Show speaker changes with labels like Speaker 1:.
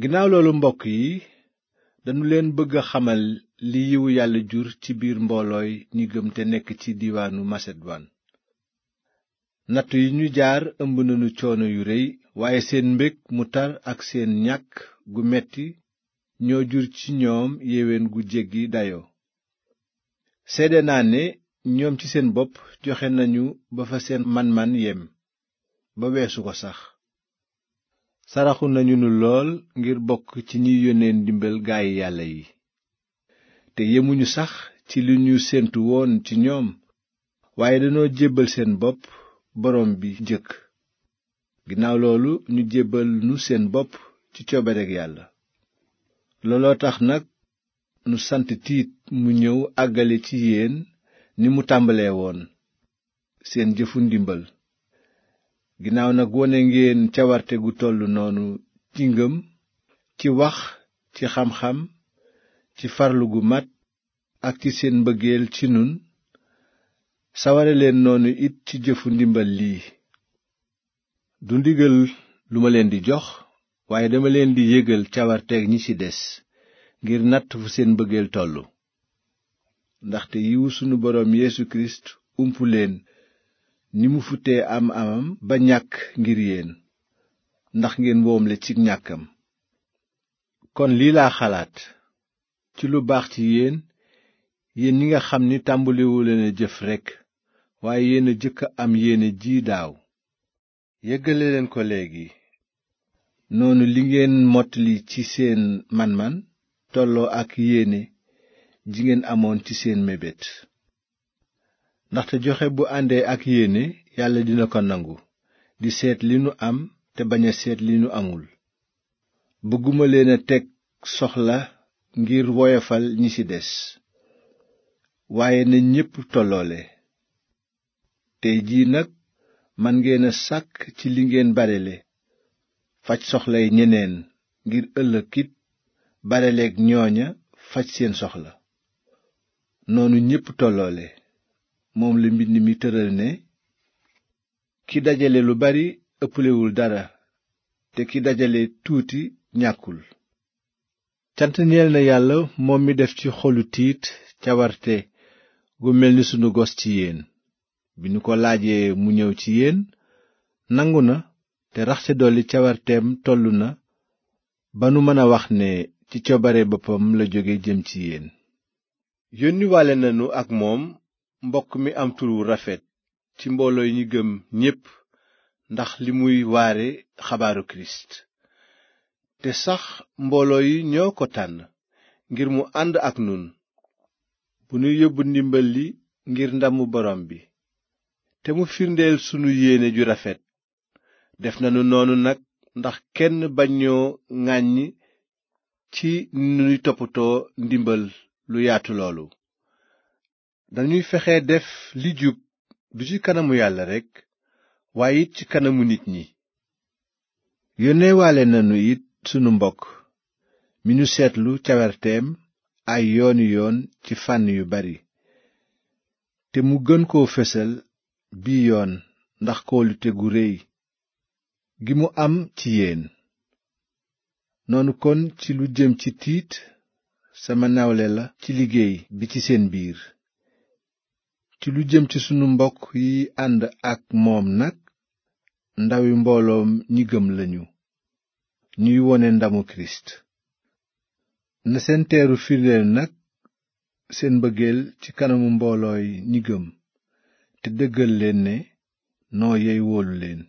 Speaker 1: ginnaaw loolu mbokk yi dañu leen bëgg xamal li yiwu yàlla jur ci biir mboolooy ñi gëm te nekk ci diiwaanu maseduwaan nattu yi ñu jaar ëmb nañu coono yu rëy waaye seen mbég mu tar ak seen ñakk gu metti ñoo jur ci ñoom yéwén gu jéggi dayoo seede naa ne ñoom ci seen bopp joxe nañu ba fa seen man-man yem ba weesu ko sax saraxu nañu nu lool ngir bokk ci ñi yónnee ndimbal gaay yàlla yi te yemuñu sax ci li ñu séentu woon ci ñoom waaye dañoo jébbal seen bopp boroom bi jëkk ginnaaw loolu ñu jébbal nu seen bopp ci coobareg yàlla looloo tax nag nu sant tiit mu ñëw àggale ci yéen ni mu tàmbalee woon seen jëfu ndimbal ginnaaw nag wone ngeen cawarte gu tollu noonu ci ngëm ci wax ci xam-xam ci farlu gu mat ak ci seen mbëggeel ci nun saware leen noonu it ci jëfu ndimbal lii du ndigal lu ma leen di jox waaye dama leen di yëgal cawarteeg ñi ci des ngir natt fu seen mbëggeel tollu ndaxte yiwu sunu boroom Yeesu Kirist umpu leen ni mu futtee am amam ba ñàkk ngir yéen ndax ngeen woomle ci ñàkkam kon lii laa xalaat ci lu baax ci yéen yéen ñi nga xam ni tàmbaliwuleen a jëf rekk waaye yéen a jëkk am yéene ji daaw yëggale leen ko léegi noonu li ngeen mottali ci seen man-man tolloo ak yéene ji ngeen amoon ci seen mébét ndaxte joxe bu àndee ak yéene yàlla dina ko nangu di seet li nu am te bañ a seet li nu amul bëgguma leen a teg soxla ngir woyofal ñi ci des waaye na ñépp tolloole tey jii nag man ngeen a sàkk ci li ngeen barele faj soxlay ñeneen ngir ëllëg it bareleeg ñooña faj seen soxla noonu ñépp tolloole moom la mbind mi tëral ne ki dajale lu bari ëpplewul dara te ki dajale tuuti ñàkkul cant ñeel na yàlla moom mi def ci xolu tiit cawarte gu mel ni sunu gos ci yéen bi ñu ko laajee mu ñëw ci yéen nangu na te raxte dolli cawarteem tollu na ba nu mën a wax ne ci coobare boppam la jóge jëm ci yéen yónniwaale nanu ak moom mbokk mi am tur rafet ci mbooloo yi ñu gëm ñépp ndax li muy waare xabaaru kirist te sax mbooloo yi ñoo ko tànn ngir mu ànd ak nun bu ñu yóbbu ndimbal li ngir ndamu borom bi te mu firndeel sunu yéene ju rafet def nañu noonu nag ndax kenn bañoo ŋàññ ci nuy toppatoo ndimbal lu yaatu loolu dañuy fexe def li jub du ci kanamu yàlla rekk waaye it ci kanamu nit ñi yónneewaale nanu it sunu mbokk mi ñu seetlu cawerteem ay yoon yoon ci fànn yu bari te mu gën koo fésal bi yoon ndax kóolute gu réy gi mu am ci yéen noonu kon ci lu jëm ci tiit sama nawle la ci liggéey bi ci seen biir ci lu jëm ci sunu mbokk yi ànd ak moom nag ndawi mbooloom ñi gëm lañu ñuy wone ndamu kirist na seen teeru firndeel nag seen mbëggeel ci kanamu mboolooy ñi gëm te dëggal leen ne noo yey wóolu leen